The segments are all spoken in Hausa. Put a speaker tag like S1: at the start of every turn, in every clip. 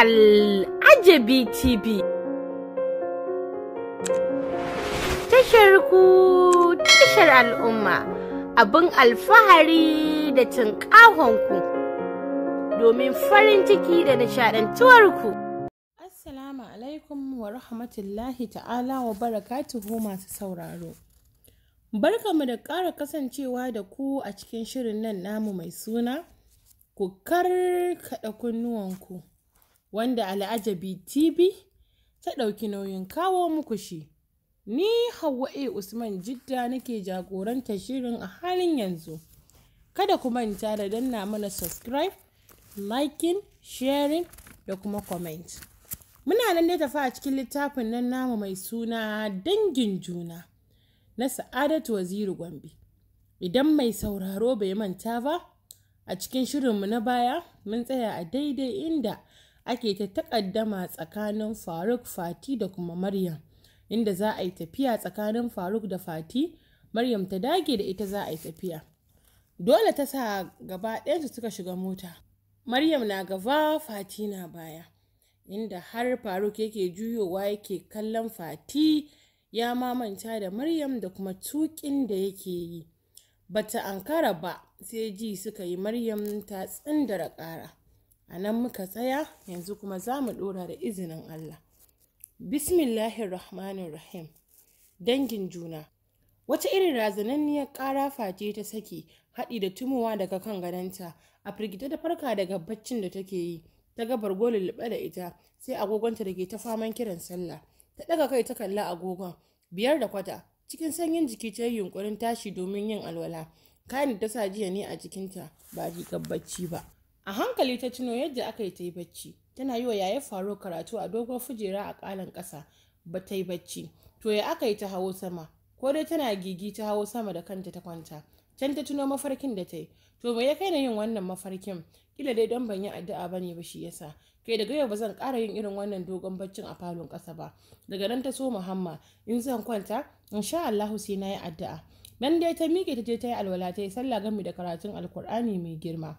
S1: Al'ajabi TV. Tashar ku tashar al'umma abin alfahari da cin ku domin farin ciki da nishaɗantuwarku. Assalamu alaikum wa rahmatullahi ta'ala wa barakatuhu masu sauraro. Barka mu da ƙara kasancewa da ku a cikin shirin nan namu mai suna, ku karkaɗa kunnuwanku. wanda Al'ajabi TV ta ɗauki nauyin kawo muku shi. Ni Hauwa A. Usman Jidda nake jagorantar shirin a halin yanzu. Kada ku manta da danna mana subscribe, liking, sharing da kuma comment. Muna nan da tafi a cikin littafin nan namu mai suna dangin juna na Sa'adatu Waziri Gombe. Idan mai sauraro bai manta ba, a cikin shirinmu na baya mun tsaya a daidai inda ake ta takaddama tsakanin Faruk Fati da kuma Maryam, inda za a yi tafiya tsakanin Faruk da Fati, Maryam ta dage da ita za a yi tafiya. Dole ta sa gaba ɗayansu suka shiga mota. Maryam na gaba Fati na baya, inda har Faruk yake juyowa yake kallon Fati ya mamanta da Maryam da kuma tuƙin da yake yi. Bata ankara ba sai ji suka yi Maryam ta tsindara ƙara. a nan muka tsaya yanzu kuma za mu ɗora da izinin Allah bismillahir rahmanir rahim dangin juna wata irin razananniyar ƙara face ta saki haɗi da tumuwa daga kan gadonta a firgita da farka daga baccin da take yi ta ga bargo lulluɓe da ita sai agogonta da ke ta faman kiran sallah ta ɗaga kai ta kalla agogon biyar da kwata cikin sanyin jiki ta yi yunkurin tashi domin yin alwala kayan da ta sa jiya ne a jikinta ba rigar bacci ba a hankali ta tuno yadda aka yi ta yi bacci tana yi wa yaya faro karatu a dogon fujera a ƙalan ƙasa ba ta yi bacci to ya aka yi ta hawo sama ko dai tana gigi ta hawo sama da kanta ta kwanta can ta tuno mafarkin da ta yi to bai ya kai na yin wannan mafarkin kila dai don ban yi addu'a ba ne ba shi yasa kai daga yau ba zan ƙara yin irin wannan dogon baccin a falon ƙasa ba daga nan ta so muhamma in zan kwanta in sha Allahu sai na yi addu'a nan dai ta miƙe ta je ta yi alwala ta yi sallah gami da karatun alkur'ani mai girma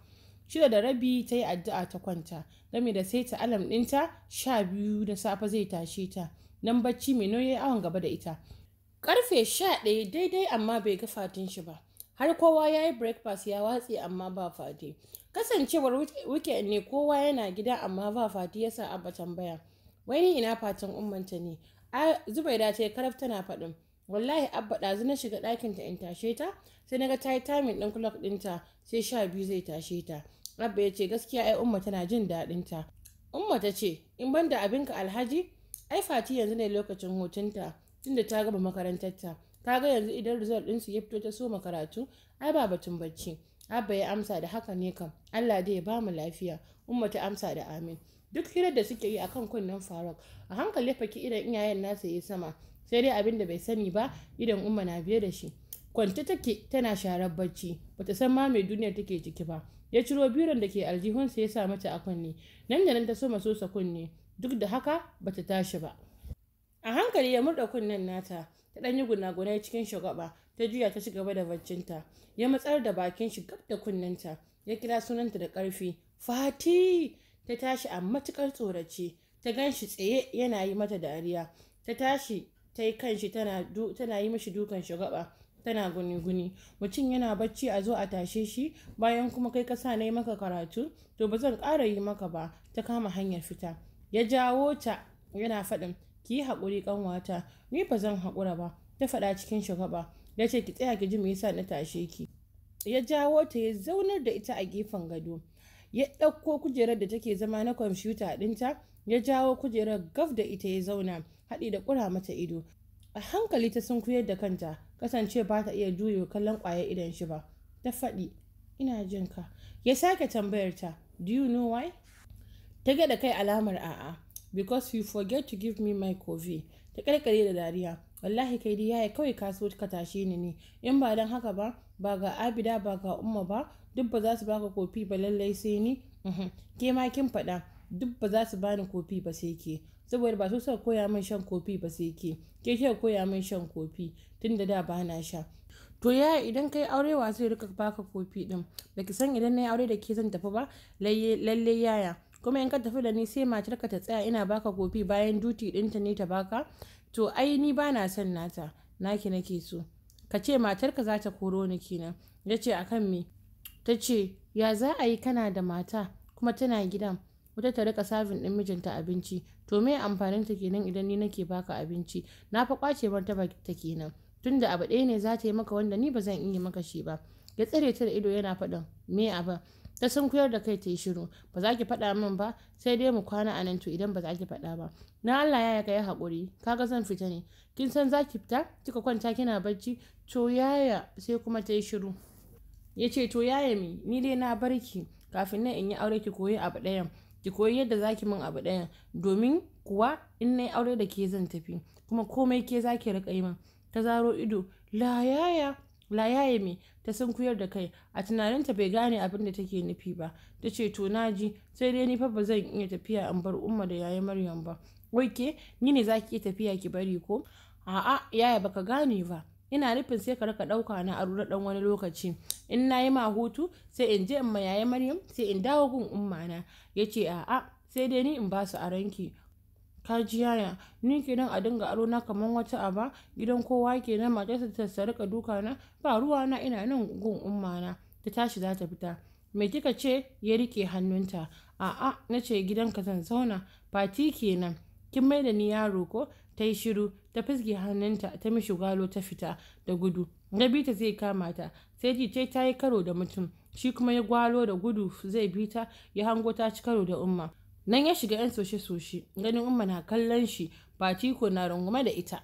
S1: shida da rabi ta yi addu'a ta kwanta game da sai ta alam ɗinta sha biyu da safe zai tashe ta nan bacci mai nauyi awon gaba da ita karfe sha ɗaya daidai amma bai ga fatin shi ba har kowa ya yi breakfast ya watse amma ba fati kasancewar wike ne kowa yana gida amma ba fati sa abba tambaya wani ina fatan ummanta ne da ta yi karaf tana faɗin wallahi abba ɗazu na shiga ɗakinta in tashe ta sai na ga ta yi timing ɗin clock ɗinta sai sha biyu zai tashe ta Abba ya ce gaskiya ai Umma tana jin daɗin ta. Umma ta ce in ban da abinka Alhaji ai Fati yanzu ne lokacin hutunta tunda ta gaba ta. Ka ga yanzu idan result ɗinsu ya fito ta so karatu ai ba batun bacci. Abba ya amsa da haka ne kam Allah dai ya bamu lafiya. Umma ta amsa da amin. Duk hirar da suke yi akan kunnen Faruk a hankali ya faki idan iyayen nasa ya sama sai dai abin da bai sani ba idan Umma na biye da shi. Kwanta take tana sharar bacci bata san ma mai duniyar take ciki ba. ya ciro biron da ke aljihunsa ya sa mata a kunne nan da nan ta soma sosa kunne duk da haka bata tashi ba a hankali ya murda kunnen nata ta ɗan yi gunagunai cikin shagaba ta juya ta ci gaba da baccinta ya matsar da bakin shi gab da kunnenta ya kira sunanta da karfi fati ta tashi a matukar tsorace ta gan shi tsaye yana yi mata dariya ta tashi ta yi kanshi tana yi mashi dukan shagwaba tana guni-guni mutum yana bacci a zo a tashe shi bayan kuma kai kasa na yi maka karatu to ba zan ƙara yi maka ba ta kama hanyar fita ya jawo ta yana faɗin ki yi haƙuri ƙanwata ni ba zan haƙura ba ta faɗa cikin shagaba ya ce ki tsaya ki ji me yasa na tashe ki ya jawo ta ya zaunar da ita a gefen gado ya ɗauko kujerar da take zama na kwamfuta ɗinta ya jawo kujerar gaf da ita ya zauna haɗi da ƙura mata ido a hankali ta sunkuyar da kanta kasance ba ta iya juyo kallon ƙwayar idan shi ba ta faɗi ina jin ka ya sake tambayar ta do you know why ta da kai alamar a'a because you forget to give me my coffee ta karkare da dariya wallahi kai dai yayi kawai ka so ka tashi ni ne in ba dan haka ba ba ga abida ba ga umma ba duk ba za su baka kofi ba lallai sai ni uhm, ke ma kin faɗa duk ba za su bani kofi ba sai ke saboda ba su sa koya min shan kofi ba sai ke ke kika koya min shan kofi tun da da ba na sha to ya idan kai aure wa zai rika baka kofi din baki san idan na yi aure da ke zan tafi ba lalle yaya kuma in ka tafi da ni sai ka ta tsaya ina baka kofi bayan duti ta ne ta baka to ai ni ba na son nata naki nake so ka ce matar ka za ta koro ni kenan ya ce akan me ta ce ya za a yi kana da mata kuma tana gidan wata ta rika sabin din mijinta abinci to me amfanin ta kenan idan ni nake baka abinci na fa kwace martaba ta kenan tunda abu ɗaya ne za ta yi maka wanda ni ba zan iya maka shi ba ya tsare ta da ido yana faɗin me abin ta kuyar da kai ta yi shiru ba za ki faɗa min ba sai dai mu kwana a nan to idan ba za ki faɗa ba na Allah ya ka yi haƙuri kaga zan fita ne kin san za ki fita kika kwanta kina barci? to yaya sai kuma ta yi shiru ya ce to yaya mi ni dai na barki kafin nan in yi aure ki koyi abu ɗayan ki koyi yadda za ki min abu ɗaya domin kuwa in na aure da ke zan tafi kuma komai ke za ki riƙa yi min ta zaro ido layaya layaya me ta kuyar da kai a tunaninta bai gane abin da take nufi ba ta ce to ji sai dai ni fa ba zan iya tafiya in bar umma da yayi maryam ba wai ke ni ne za ki iya tafiya ki bari ko a'a yaya baka gane ba ina nufin sai ka raka ɗauka na arura ɗan wani lokaci in na yi ma hutu sai in je in ma yaya maryam sai in dawo gun umma na ya ce a'a sai dai ni in ba su aranki ka ji yaya ni kenan a dinga aro na kamar wata aba gidan kowa ke kenan matarsa ta sarka duka na ba ruwa na ina nan gun umma na ta tashi za ta fita me kika ce ya rike hannunta a'a na ce gidanka zan zauna fati kenan kin mai da ni yaro ko ta yi shiru ta fisge hannunta ta mishi gwalo ta fita da gudu na bita zai kama ta sai ji ta yi karo da mutum shi kuma ya gwalo da gudu zai bi ta ya hango ta ci karo da umma nan ya shiga 'yan soshe-soshe ganin umma na kallon shi ba tiko na rungume da ita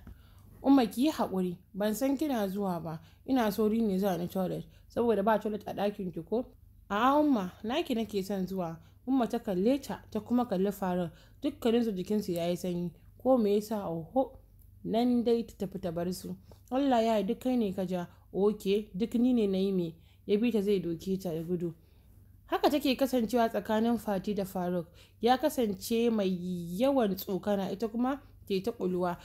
S1: umma ki yi haƙuri ban san kina zuwa ba ina sauri ne za ni toilet saboda ba toilet a ɗakin ki ko a'a umma naki nake son zuwa umma ta kalle ta ta kuma kalli farar dukkaninsu jikinsu ya yi sanyi ko me yasa oho nan dai ta tafi ta bar su allah ya duk kai ne ka ja oke duk ni ne na yi me ya bi ta zai doke ta da gudu haka take kasancewa tsakanin fati da faruk ya kasance mai yawan tsokana ita kuma ke ta kuluwa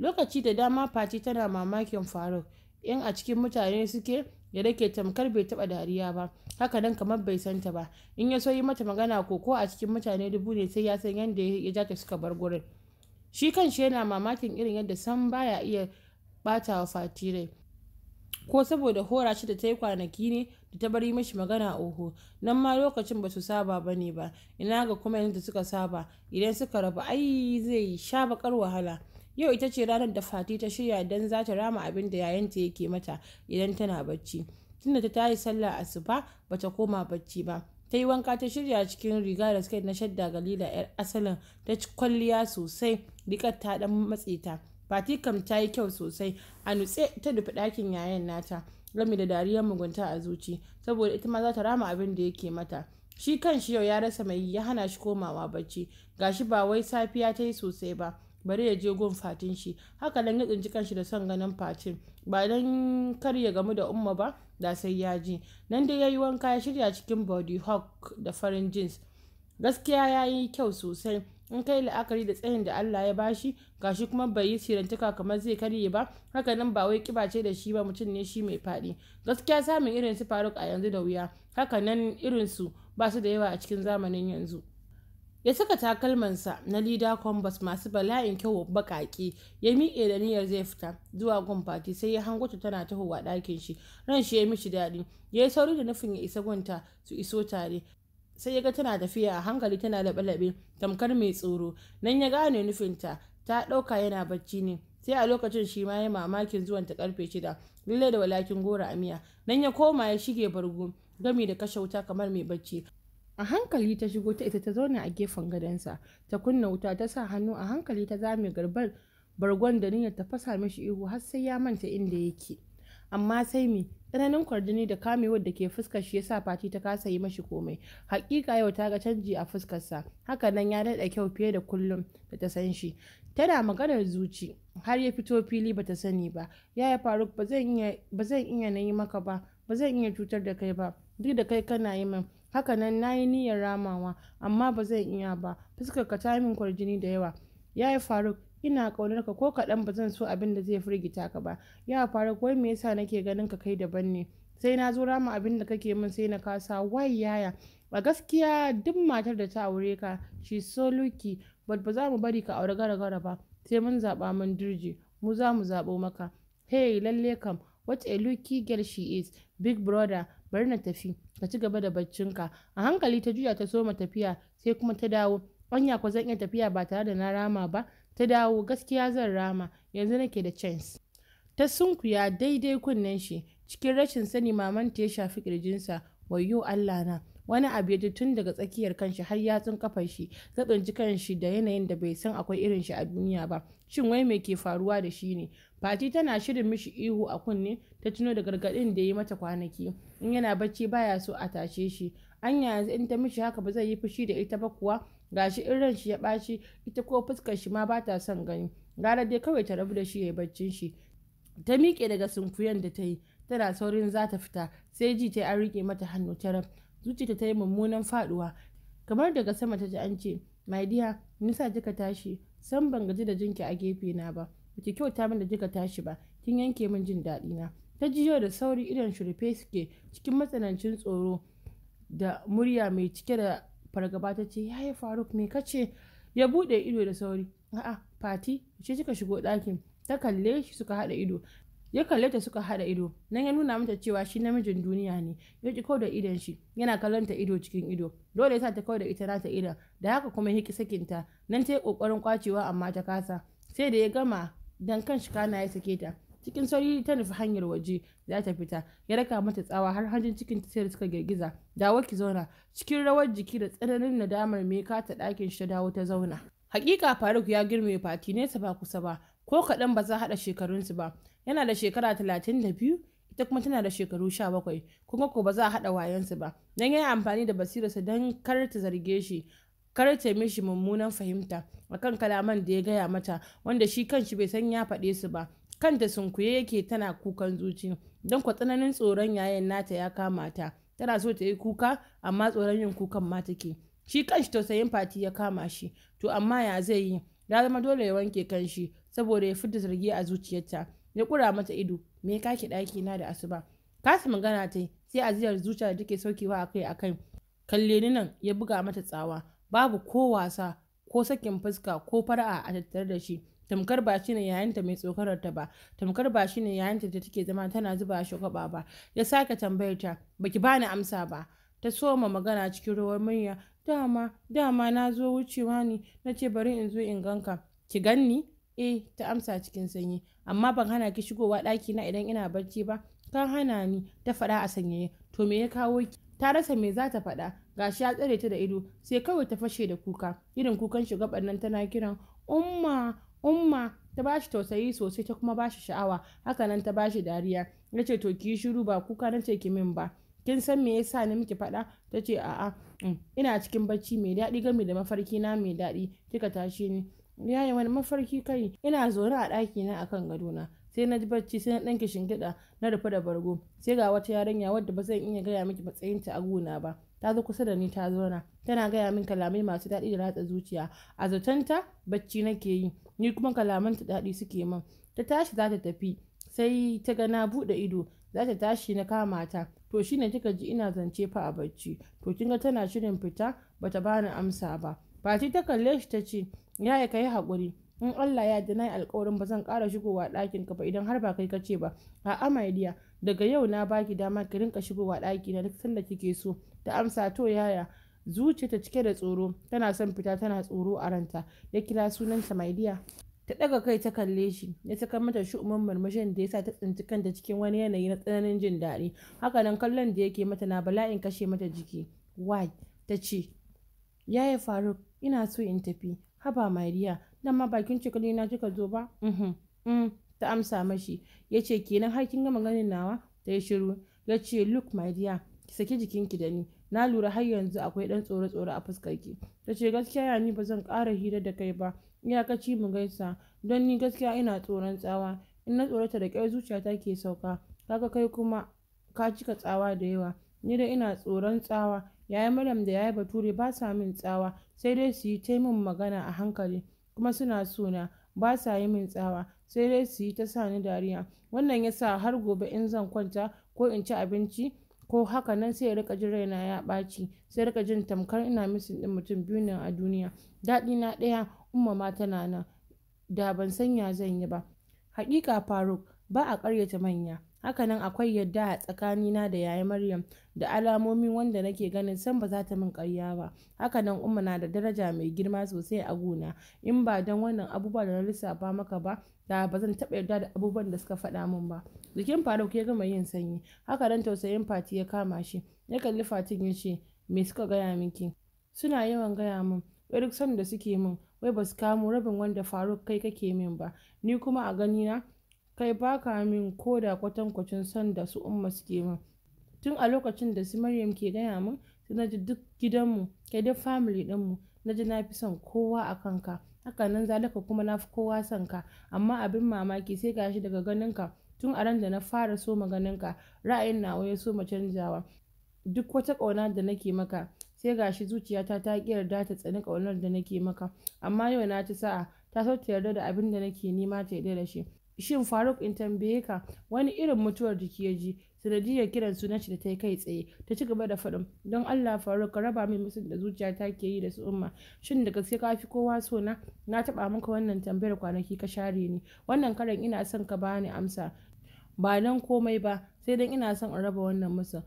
S1: lokaci da dama fati tana mamakin faruk in a cikin mutane suke ya dake tamkar bai taɓa dariya ba haka nan kamar bai san ta ba in ya so yi mata magana ko ko a cikin mutane dubu ne sai ya san yadda ya ja ta suka bar gurin shi kan shi yana mamakin irin yadda san baya iya bata wa fati ko saboda hora shi da ta yi kwanaki ne da ta bari mashi magana oho nan ma lokacin ba su saba ba ne ba ina ga kuma yanzu suka saba idan suka rabu ai zai sha bakar wahala yau ita ce ranar da fati ta shirya don za ta rama abin da yayanta yake mata idan tana bacci tunda ta tayi sallah asuba ta koma bacci ba ta yi wanka ta shirya cikin riga da skirt na shadda galila yar asalin ta ci kwalliya sosai rikar ta dan matse ta fati kam ta yi kyau sosai a nutse ta dufi ɗakin yayan nata gami da dariyar mugunta a zuci saboda ita ma za ta rama abin da yake mata shi kan shi yau ya rasa mai ya hana shi komawa bacci gashi ba wai safiya ta yi sosai ba bari ya je gun fatin shi haka nan ya tsinci kanshi da son ganin fatin ba dan kar ya gamu da umma ba da sai ya ji nan dai ya yi wanka ya shirya cikin body hawk da farin jeans gaskiya ya yi kyau sosai in kai la'akari da tsayin da Allah ya bashi gashi kuma bai yi sirantuka kamar zai karye ba haka nan ba wai kiba ce da shi ba mutum ne shi mai fadi gaskiya samun irin su faruk a yanzu da wuya haka nan irin su ba su da yawa a cikin zamanin yanzu ya saka takalmansa na leader combat masu bala'in kyau baƙaƙe ya miƙe da niyyar zai fita zuwa gun fati sai ya hango ta tana tahowa ɗakin shi ran shi ya mishi daɗi ya yi sauri da nufin ya isa gunta su iso tare sai ya ga tana tafiya a hankali tana laɓe-laɓe tamkar mai tsoro nan ya gane nufinta ta ɗauka yana bacci ne sai a lokacin shi ma ya mamakin zuwan ta karfe shida lallai da walakin gora a miya nan ya koma ya shige bargo gami da kashe wuta kamar mai bacci a hankali ta shigo ta ita ta zauna a gefen gadonsa ta kunna wuta ta sa hannu a hankali ta zame garbar bargon da niyyar ta fasa mishi ihu har sai ya manta inda yake amma sai me tsananin kwardini da kamewar da ke fuskar shi yasa fati ta kasa yi mashi komai hakika yau ta ga canji a fuskarsa haka nan ya daɗa kyau fiye da kullum da ta san shi tana maganar zuci har ya fito fili bata sani ba yaya faruk ba zan iya na yi maka ba ba zan iya cutar da kai ba duk da kai kana yi min Haka nan na yi niyyar ramawa, amma ba zan iya ba, fuskarka ta min min kwarjini da yawa. ya yi Faruk, ina ƙaunar ka ko kaɗan ba zan so abin da zai firgita ka ba. ya Faruk, wai me yasa nake ganin ka kai daban ne? Sai na zo rama abin da kake min sai na kasa, wai yaya. A gaskiya duk matar da ta aure ka, shi so lucky, but ba za mu bari ka aure gara-gara ba, sai mun zaɓa mun dirje, mu za mu zaɓo maka. Hey, lalle kam, what a lucky girl she is, big brother, bari na tafi ka ci gaba da baccinka a hankali ta juya ta soma tafiya sai kuma ta dawo anya ko zan iya tafiya ba tare da na rama ba ta dawo gaskiya zan rama yanzu nake da chance ta sunkuya daidai kunnen shi cikin rashin sani mamanta ya shafi kirjinsa wayyo Allah na wani abu ya ji tun daga tsakiyar kanshi har yatsun kafar shi zaɓin jikan shi da yanayin da bai san akwai irin shi a duniya ba shin wai me ke faruwa da shi ne fati tana shirin mishi ihu a kunne ta tuno da gargaɗin da ya mata kwanaki in yana bacci baya so a tashe shi an yanzu in ta mishi haka ba zai yi fushi da ita ba kuwa gashi in ran shi ya ɓaci ita ko fuskar shi ma ba ta son gani gara dai kawai ta rabu da shi ya yi baccin shi ta miƙe daga sunkuyen da ta yi tana saurin za ta fita sai ji ta an riƙe mata hannu ta zuciyarta ta yi mummunan faduwa kamar daga sama ta ji an ce my dear nisa kika tashi san ban gaji da jinki a gefe na ba baki kyauta min da kika tashi ba kin yanke min jin daɗi na ta jiyo da sauri idan shirfe suke cikin matsanancin tsoro da murya mai cike da fargaba ta ce yayi faruk me kace ya buɗe ido da sauri a'a fati ce kika shigo ɗakin ta kalle shi suka haɗa ido ya kalle ta suka haɗa ido nan ya nuna mata cewa shi namijin duniya ne ya ki da idon shi yana kallon ta ido cikin ido dole ya sa ta kawai da ita ta ido da haka kuma ya ki sakin ta nan ta yi kokarin kwacewa amma ta kasa sai da ya gama dan kan shi kana ya sake ta cikin sauri ta nufi hanyar waje za ta fita ya raka mata tsawa har hanjin cikin ta sai da suka girgiza dawo ki zauna cikin rawar jiki da tsananin nadamar me ka ta ɗakin shi ta dawo ta zauna hakika faruk ya girme fati nesa ba kusa ba ko kaɗan ba za haɗa shekarunsu ba yana da shekara talatin da biyu, ita kuma tana da shekaru 17 kuma ko ba za a haɗa wayansu ba don ya yi amfani da basirarsa don kar ta zarge shi kar ta mishi mummunan fahimta akan kalaman da ya gaya mata wanda shi kanshi bai san ya faɗe su ba kanta sunkuye yake tana kukan zuci don kwa tsananin tsoron yayan nata ya kama ta tana so ta yi kuka amma tsoron yin kukan ma take shi kanshi tausayin fati ya kama shi to amma ya zai yi ya zama dole ya wanke kanshi saboda ya fidda zargi a zuciyarta ya kura mata ido me ka ki ɗaki na da asuba kasa magana ta sai aziyar zuciya da take saukewa akai akai kalle ni nan ya buga mata tsawa babu ko wasa ko sakin fuska ko fara'a a tattare da shi tamkar ba shine ta mai tsokarar ta ba tamkar ba shine yayin da take zama tana zuba shi gaba ba ya sake tambayar ta baki bani amsa ba ta soma magana cikin ruwan manya dama dama na zo wucewa ne na ce bari in zo in ganka ki ganni eh ta amsa cikin sanyi amma ban hana ki shigowa ɗaki na idan ina bacci ba kan hana ni ta faɗa a sanyaye to me ya kawo ki ta rasa me za ta faɗa gashi ya tsare ta da ido sai kawai ta fashe da kuka irin kukan shiga nan tana kiran umma umma ta bashi tausayi sosai ta kuma bashi sha'awa haka nan ta bashi dariya ya ce to ki shiru ba kuka nace ki min ba kin san me yasa ni miki faɗa ta ce a'a mm, ina cikin bacci mai daɗi game da mafarki na mai daɗi kika tashi ni Ya yi wani mafarki kai ina zaune a ɗaki na akan gadona sai na ji bacci sai na ɗanke shingiɗa na rufe da bargo sai ga wata yarinya wadda ba zan iya gaya miki matsayinta a gona ba ta zo kusa da ni ta zauna tana gaya min kalamai masu daɗi da ratsa zuciya a zatanta bacci nake yi ni kuma kalaman ta daɗi suke man ta tashi za ta tafi sai ta ga na buɗe ido za ta tashi na kama ta to shi shine kika ji ina zance fa a bacci to kin tana shirin fita bata bani amsa ba Fati ta kalle shi ta ce yaya ka yi haƙuri in Allah ya da nai alƙawarin ba zan ƙara shigowa ɗakin ka ba idan har ba kai ka ce ba a'a my daga yau na baki dama ka rinka shigowa ɗaki na duk sanda kike so ta amsa to yaya ta cike da tsoro tana son fita tana tsoro a ranta ya kira sunanta maidiya ta ɗaga kai ta kalle shi ya saka mata umar murmushin da ya sa ta tsinci kanta cikin wani yanayi na tsananin jin daɗi haka hakanan kallon da yake mata na bala'in kashe mata jiki why ta ce yaya faruk ina so in tafi haba maria nan ma bakin cikali na kika zo ba mm-hmm. mm, ta amsa mashi ya ce kenan har kin gama ganin nawa ta yi shiru ya ce look maria ki saki jikinki da ni na lura har yanzu akwai ɗan tsoro tsoro a fuskarki ta ce gaskiya ya ni ba zan ƙara hira da kai ba iyakaci mu gaisa don ni gaskiya ina tsoron tsawa in na tsorata da zuciya ta ke sauka kaga kai kuma ka cika tsawa da yawa ni da ina tsoron tsawa Yaya Maryam da yayi Bature ba sa min tsawa sai dai su yi ta min magana a hankali kuma suna suna ba sa yi min tsawa sai dai su yi ta sa ni dariya wannan ya sa har gobe in zan kwanta ko in ci abinci ko haka nan sai rika jin raina ya ɓaci sai rika jin tamkar ina misin ɗin mutum biyu ne a duniya daɗi na ɗaya umma ma tana nan da ban sanya zan yi ba haƙiƙa faruk ba a ƙaryata manya hakanan akwai yadda a tsakanina da yaya maryam da alamomi wanda nake ganin san ba za ta min karya ba hakanan umma na da daraja mai girma sosai a gona in ba don wannan abubuwa da na lissafa maka ba da ba zan taɓa yarda da abubuwan da suka faɗa min ba jikin faruk ya gama yin sanyi hakanan tausayin fati ya kama shi ya kalli fatin ya ce me suka gaya miki suna yawan gaya min duk san da suke min wai ba su kamo rabin wanda faruk kai kake min ba ni kuma a ganina kai ba ka min ko da kwatankwacin son da su umma suke min tun a lokacin da su maryam ke gaya min sai na ji duk gidanmu kai duk family ɗinmu na ji na fi son kowa a kanka haka nan zalika kuma na fi kowa son ka amma abin mamaki sai gashi daga ganin ka tun a ran da na fara so ka ra'ayin nawa ya so canjawa duk wata ƙauna da nake maka sai gashi zuciyata ta ƙi yarda ta tsani ƙaunar da nake maka amma yau na ci sa'a ta so ta yarda da abin da nake nema ta yarda da shi shin faruk in tambaye ka wani irin mutuwar jiki ya ji sanadiyar kiran suna shi da ta yi kai tsaye ta ci gaba da faɗin don allah faruk ka raba min musu da zuciya ta ke yi da su umma shin da gaske ka fi kowa so na na taɓa maka wannan tambayar kwanaki ka share ni wannan karan ina son ka bani amsa ba nan komai ba sai dan ina son in raba wannan musu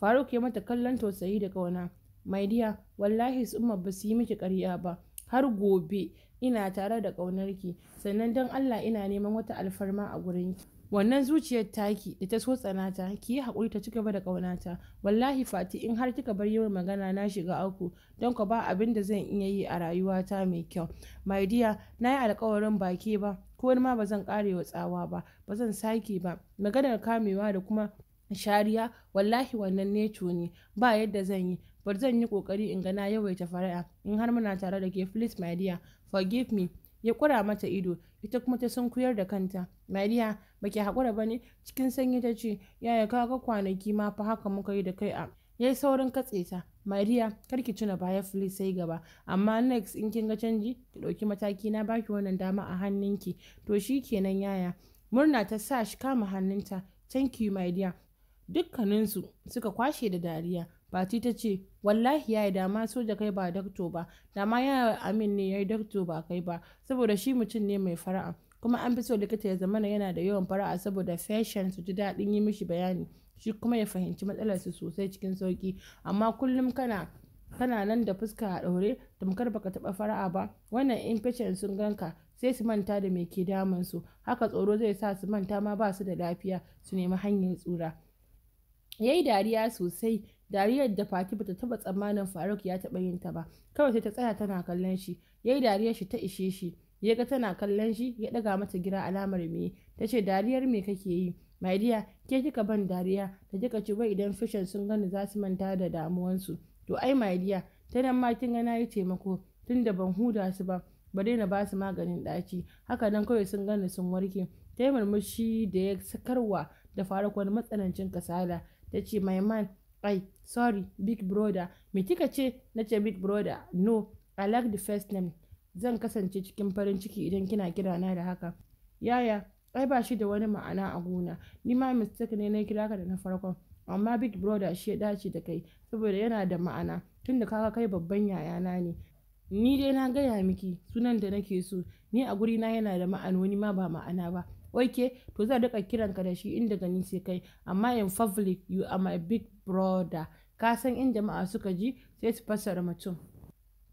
S1: faruk ya mata kallon tausayi da kauna mai diya wallahi su umma ba su yi miki ƙarya ba har gobe ina tare da ƙaunarki sannan don Allah ina neman wata alfarma a gurinki wannan zuciyar taki da ta so tsanata ki yi haƙuri ta ci gaba da ƙaunata wallahi fati in har kika bar yawan magana na shiga aku don ka ba abin da zan iya yi a rayuwata mai kyau my dear na yi alkawarin baki ba ko ma ba zan ƙare tsawa ba ba zan sake ba maganar kamewa da kuma shariya wallahi wannan neco ne ba yadda zan yi bar zan yi ƙoƙari in ga na yawaita fara'a in har muna tare da ke please my dear forgive me ya kura mata ido ita kuma ta sunkuyar da kanta mariya baki haƙura ba ne cikin sanyi ta ce yaya kaga kwanaki ma fa haka muka yi da kai a ya yi saurin katse ta maria kar ki tuna baya fili sai gaba amma next in kin ga canji ki ɗauki mataki na baki wannan dama a hannunki to shi kenan yaya murna ta sa shi kama hannunta thank you my dukkaninsu suka kwashe da dariya Fati ta ce, Wallahi ya yi dama soja kai ba dakto ba, dama ya Amin ne ya yi dakto ba kai ba, saboda shi mutum ne mai fara'a. Kuma an fi so likita ya zamana yana da yawan fara'a saboda fashion su ji daɗin yi mishi bayani, shi kuma ya fahimci matsalar su sosai cikin sauƙi. Amma kullum kana kana nan da fuska a ɗaure tamkar baka taɓa fara'a ba wannan in infection sun ganka sai su manta da mai ke damun su haka tsoro zai sa su manta ma ba su da lafiya su nemi hanyar tsura yayi dariya sosai dariyar da fati bata taba tsammanin faruk ya taba yin ta ba kawai sai ta tsaya tana kallon shi yayi dariyar shi ta ishe shi ya ga tana kallon shi ya daga mata gida alamar me ta ce dariyar me kake yi my dear ke kika ban dariya da kika ci bai idan fishin sun gani za su manta da damuwansu to ai my dear ta nan ma kin ga taimako tunda ban huda su ba ba na ba su maganin ɗaci haka nan kawai sun gani sun warke ta yi murmushi da ya sakarwa da faruk wani matsanancin kasala ta ce my man I, sorry, big brother. Me kika ce? Na ce big brother. No, I like the first name. Zan kasance cikin farin ciki idan kina kira na da haka. Yaya, ai ba shi da wani ma'ana a gona. Ni ma mistake ne na kira ka da na farko Amma big brother shi ya dace da kai saboda yana da ma'ana tunda kaka kai babban yayana ne. Ni dai na gaya miki sunan da nake so. Ni a guri na yana da ma'ana wani ma ba ma'ana ba. okay to zan kiran kiranka da shi inda gani sai kai amma in public you are my big brother ka san in jama'a suka ji sai su fassara mutum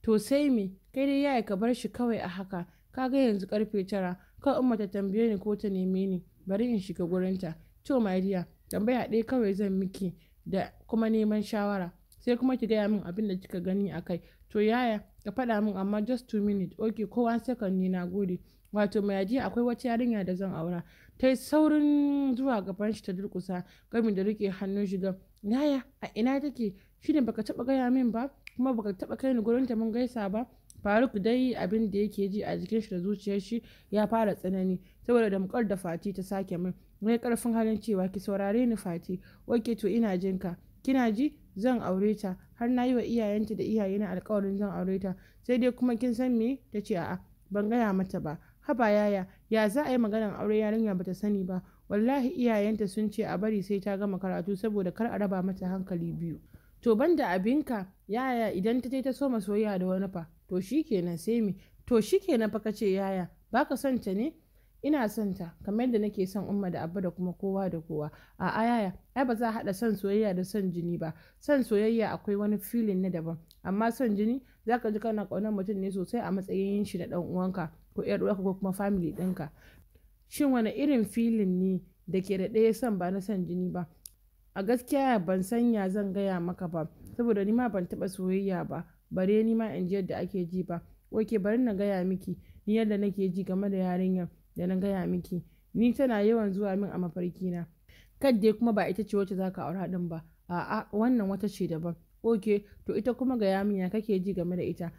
S1: to sai me kai dai yaya ka bar shi kawai a haka ka ga yanzu karfe tara kawai umma ta tambaye ni ko ta neme ni bari in shiga gurinta to my dear tambaya ɗaya kawai zan miki da kuma neman shawara sai kuma ki gaya min abin da kika gani a kai to yaya ka faɗa min amma just two minutes okay ko one second ne na gode wato mai yaji akwai wata yarinya da zan aura ta yi saurin zuwa gaban shi ta durkusa gami da rike hannun shi don yaya a ina take shi ne baka taba gaya min ba kuma baka taba kai ni gurin ta mun gaisa ba faruk dai abin da yake ji a jikin shi da zuciyar shi ya fara tsanani saboda da mukar da fati ta sake min mai karfin halin cewa ki saurare ni fati wake to ina jin ka kina ji zan aure ta har na yi wa iyayenta da iyayena alkawarin zan aure ta sai dai kuma kin san me ta ce a'a ban gaya mata ba haba yaya ya za a yi maganar aure yarinya bata sani ba wallahi iyayenta sun ce a bari sai ta gama karatu saboda kar a raba mata hankali biyu to banda abinka yaya idan ta je ta soma soyayya da wani fa to shikenan sai me to shikenan fa kace yaya baka son ta ne ina son ta kamar yadda nake son umma da abba da kuma kowa da kowa a ayaya ai ba za a hada son soyayya da son jini ba son soyayya akwai wani filin na daban amma son jini za ka ji kana kaunar mutum ne sosai a matsayin shi da dan uwanka ko yar uwarka ko kuma family ɗinka shin wani irin filin ne da ke da ɗaya son ba na son jini ba a gaskiya ban san ya zan gaya maka ba saboda ni ma ban taba soyayya ba bare ni ma in ji yadda ake ji ba oke bari na gaya miki ni yadda nake ji game da yarinyar da na gaya miki ni tana yawan zuwa min a mafarki na. kadde kuma ba ita ce wacce za ka aura din ba a'a wannan wata ce daban ok to ita kuma gaya min ya kake ji game da ita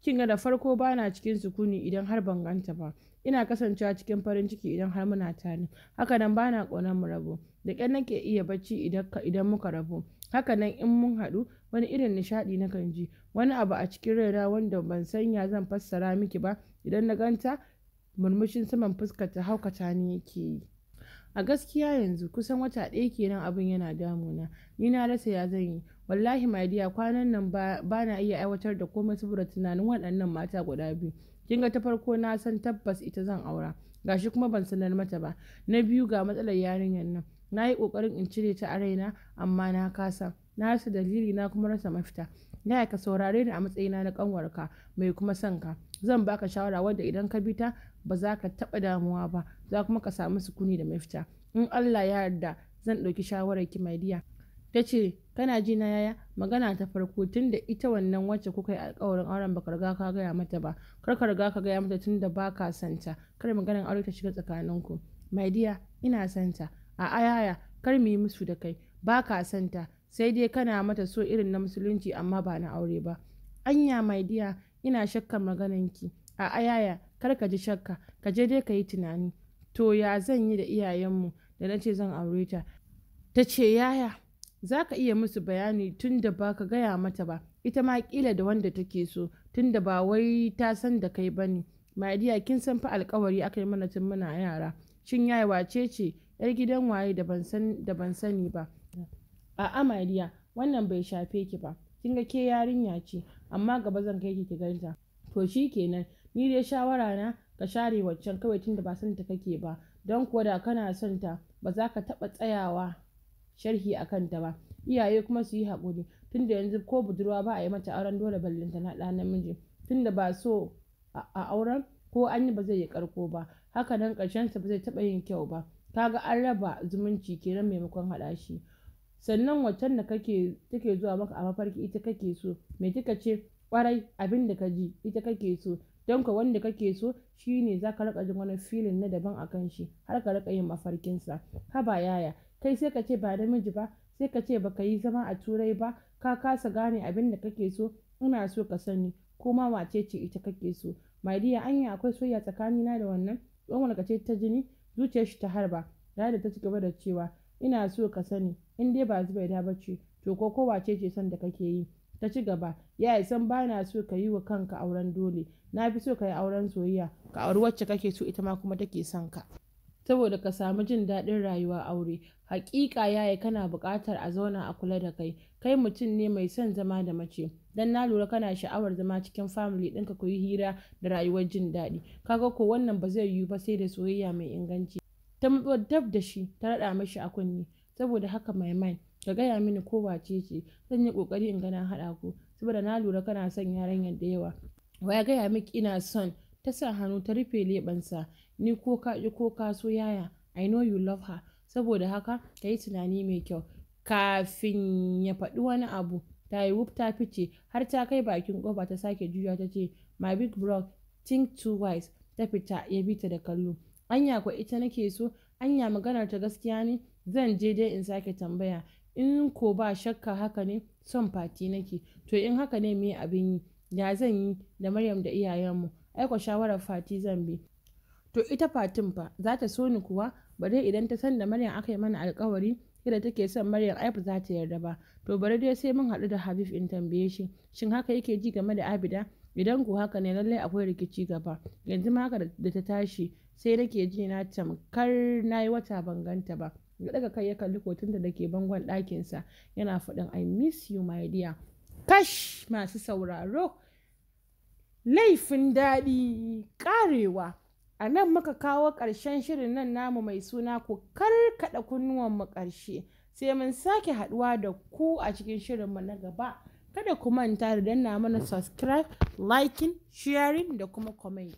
S1: kin ga da farko bana cikin sukuni idan har ban ganta ba ina kasancewa cikin farin ciki idan har muna tare haka nan bana ƙaunar mu rabu da ƙyar nake iya bacci idan muka rabu haka nan in mun haɗu wani irin nishaɗi na kan ji wani abu a cikin raina wanda ban sanya zan fassara miki ba idan na ganta murmushin saman fuskar ta haukata ni yake yi a gaskiya yanzu kusan wata ɗaya kenan abin yana damuna ni na rasa ya zan yi wallahi my kwanan nan ba na iya aiwatar da komai saboda tunanin waɗannan mata guda biyu kin ga ta farko na san tabbas ita zan aura gashi kuma ban sanar mata ba na biyu ga matsalar yarinyar nan na yi ƙoƙarin in cire ta a raina amma na kasa na rasa dalili na kuma rasa mafita na ka saurare ni a matsayina na kanwarka mai kuma son ka zan baka shawara wanda idan ka bi ta ba za ka taba damuwa ba za kuma ka samu sukuni da mafita in Allah ya yarda zan ɗauki shawarar ki mai diya ta ce kana ji na yaya magana ta farko tun da ita wannan wacce kuka yi alkawarin auren baka riga ka gaya mata ba kar ka riga ka gaya mata tun da ba ka santa kar maganar aure ta shiga tsakaninku mai diya ina santa a ayaya kar mu yi musu da kai ba ka santa sai dai kana mata so irin na musulunci amma ba na aure ba anya mai diya ina shakkar maganarki a ayaya kar ka ji shakka ka je dai ka yi tunani to ya zan yi da iyayenmu da na ce zan aure ta ta ce yaya za ka iya musu bayani tun da ba ka gaya mata ba ita ma kila da wanda take so tun da ba wai ta san da kai ba ne madiya kin san fa alkawari aka yi mana tun muna yara shin yaya wace ce yar gidan waye da ban sani ba A'a Mariya, wannan bai shafe ki ba. Kin ga ke yarinya ce, amma gaba zan kai ki ki ganta. To shi kenan, ni dai shawara na ka share waccan kawai tunda ba son ta kake ba, don kuwa da kana son ta ba za ka taɓa tsayawa sharhi a kanta ba. Iyaye kuma su yi haƙuri, tunda yanzu ko budurwa ba a yi mata auren dole ballinta na ɗa namiji, tunda ba so a auren ko an yi ba zai yi ƙarko ba, haka nan ƙarshensa ba zai taɓa yin kyau ba. Ka ga an raba zumunci kenan maimakon haɗa shi. sannan waccan da kake take zuwa maka a mafarki ita kake so me kika ce kwarai abin da ka ji ita kake so don ka wanda kake so shine za ka rika jin wani filin na daban a kan shi har ka rika yin mafarkinsa haba yaya kai sai ka ce ba namiji ba sai ka ce baka yi zama a turai ba ka kasa gane abin da kake so ina so ka sani kuma wace ce ita kake so mai diya anya akwai soyayya tsakanina da wannan tsohon ce ta jini zuciyar shi ta harba da ta ci gaba da cewa ina so ka sani in dai ba zubaida ba bace to ko kowa ce ce son da kake yi ta ci gaba ya san ba na so ka yi wa kanka auren dole na fi so ka yi auren soyayya ka auri wacce kake so ita ma kuma take son ka saboda ka samu jin daɗin rayuwa aure hakika yaya kana buƙatar a zauna a kula da kai kai mutum ne mai son zama da mace dan na lura kana sha'awar zama cikin family ɗinka ku yi hira da rayuwar jin daɗi kaga ko wannan ba zai yiwu ba sai da soyayya mai inganci ta dab da shi ta raɗa mashi a kunni saboda haka maiman ka gaya mini ko wace ce zan yi kokari in gana haɗa ku saboda na lura kana son yarinyar da yawa waya gaya miki ina son ta sa hannu ta rufe lebansa ni ko ka ji ko ka so yaya i know you love her saboda haka ka yi tunani mai kyau kafin ya faɗi wani abu ta yi wuf ta fice har ta kai bakin ƙofa ta sake juya ta ce my big bro think too wise ta fita ya bi ta da kallo anya ko ita nake so anya maganar ta gaskiya ne zan je dai in sake tambaya in ko ba shakka haka ne son fati nake to in haka ne me abin yi ya zan yi da maryam da iyayenmu aiko shawarar fati zan bi to ita fatin fa za ta so ni kuwa bare idan ta san da maryam aka yi mana alkawari yadda take son maryam aifu za ta yarda ba to bari dai sai mun haɗu da habib in tambaye shi shin haka yake ji game da abida idan ku haka ne lallai akwai rikici gaba yanzu ma haka da ta tashi sai nake ji na tamkar na yi wata ban ganta ba ya daga kai ya kalli kotunta da ke bangon ɗakinsa yana faɗin i miss you my dear kash masu sauraro laifin daɗi ƙarewa a nan muka kawo ƙarshen shirin nan namu mai suna ku karkaɗa kunnuwanmu ƙarshe sai mun sake haɗuwa da ku a cikin shirin mu na gaba Kada ku manta da danna mana subscribe, liking, sharing da kuma comment.